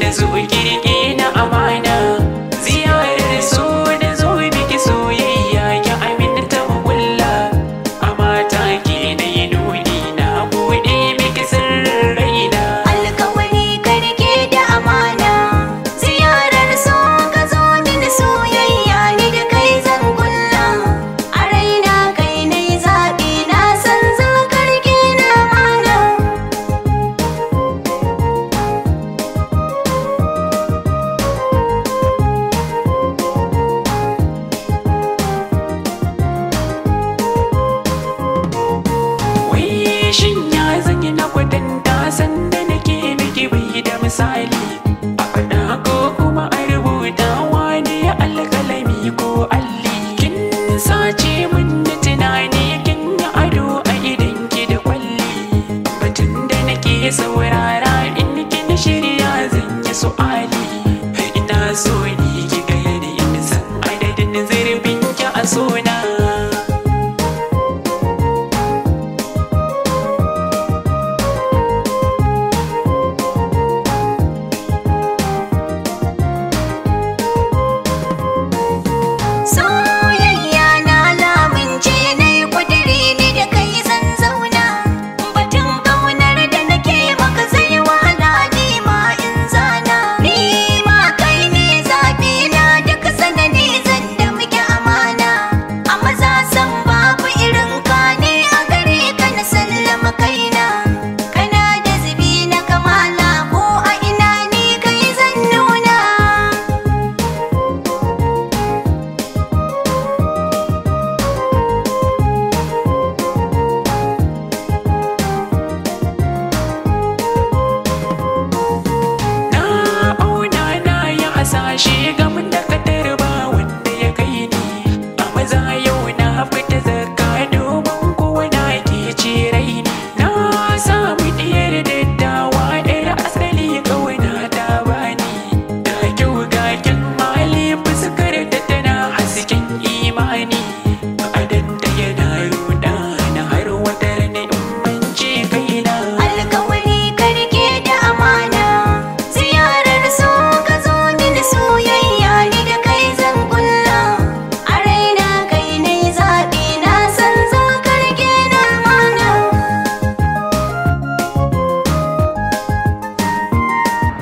da zuwa kiri na amana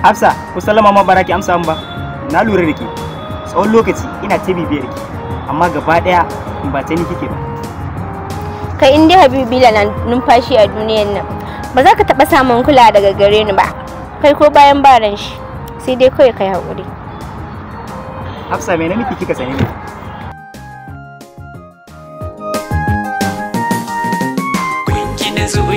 Hafsa, ku sallama ma baraki amsa min ba. Na lura da ke. Tsawon lokaci ina ta bibiyar ki, amma gaba daya ba ta ni kike ba. Ka inda Habibi Habibu da numfashi a duniyar nan. Ba za ka taɓa samun kula daga gare ni ba. Kai ko bayan baran shi, sai dai kai kai haƙuri. Hafsa, me na miki kika sani ne? Kun kina zuwa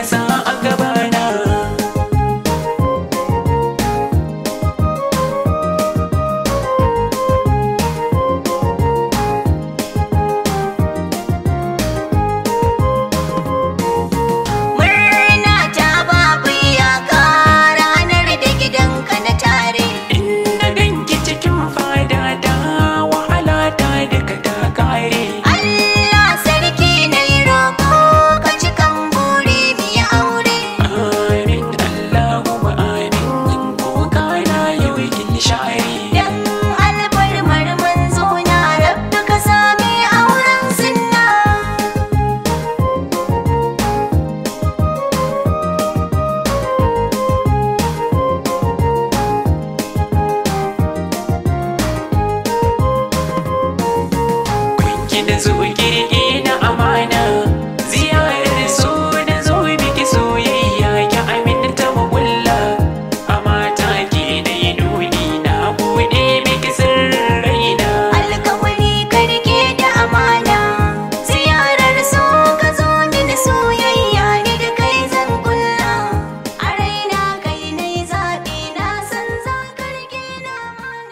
Yes, I